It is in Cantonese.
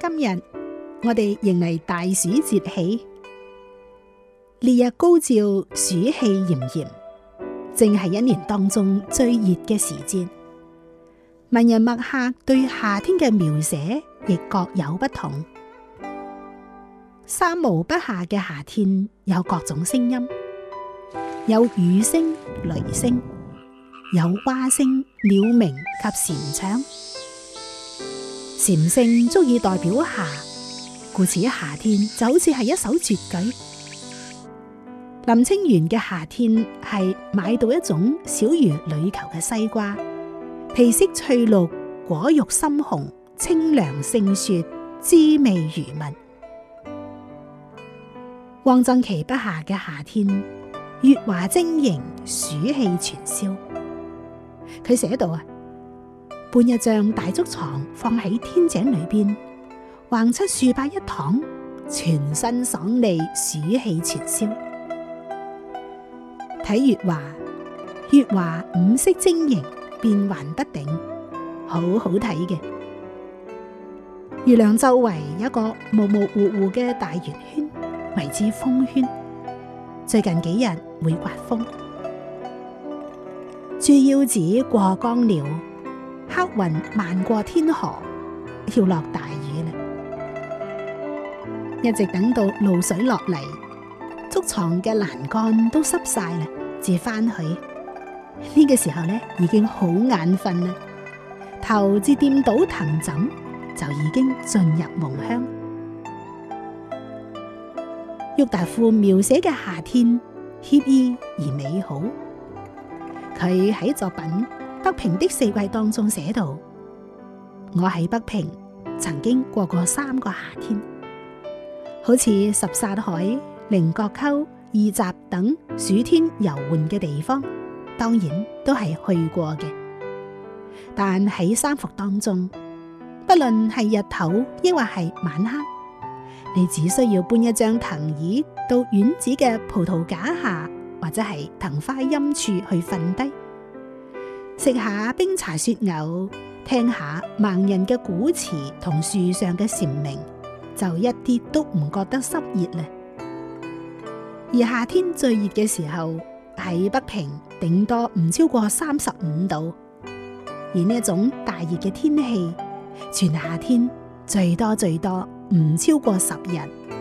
今日我哋迎嚟大暑節氣，烈日高照，暑氣炎炎，正係一年當中最熱嘅時節。文人墨客對夏天嘅描寫亦各有不同。三毛筆下嘅夏天有各種聲音，有雨聲、雷聲，有蛙聲、鳥鳴及蟬唱。禪性足以代表夏，故此夏天就好似係一首絕句。林清玄嘅夏天係買到一種小如壘球嘅西瓜，皮色翠綠，果肉深紅，清涼勝雪，滋味如蜜。汪曾祺筆下嘅夏天，月華晶瑩，暑氣全消。佢寫到啊。半日將大竹床放喺天井裏邊，橫出樹柏一躺，全身爽利，暑氣全消。睇月華，月華五色晶瑩，變幻不定，好好睇嘅。月亮周圍有一個模模糊糊嘅大圓圈，為之風圈。最近幾日會刮風，豬腰子過江了。黑雲漫過天河，要落大雨啦！一直等到露水落嚟，竹床嘅欄杆都濕晒啦，至翻去呢個時候咧，已經好眼瞓啦，頭至掂倒藤枕，就已經進入夢鄉。郁達夫描寫嘅夏天愜意而美好，佢喺作品。北平的四季當中寫道，我喺北平曾經過過三個夏天，好似什剎海、菱角溝、二集等暑天遊玩嘅地方，當然都係去過嘅。但喺三伏當中，不論係日頭抑或係晚黑，你只需要搬一張藤椅到院子嘅葡萄架下，或者係藤花陰處去瞓低。食下冰茶雪藕，聽下盲人嘅古詞同樹上嘅蟬鳴，就一啲都唔覺得濕熱咧。而夏天最熱嘅時候喺北平，頂多唔超過三十五度。而呢一種大熱嘅天氣，全夏天最多最多唔超過十日。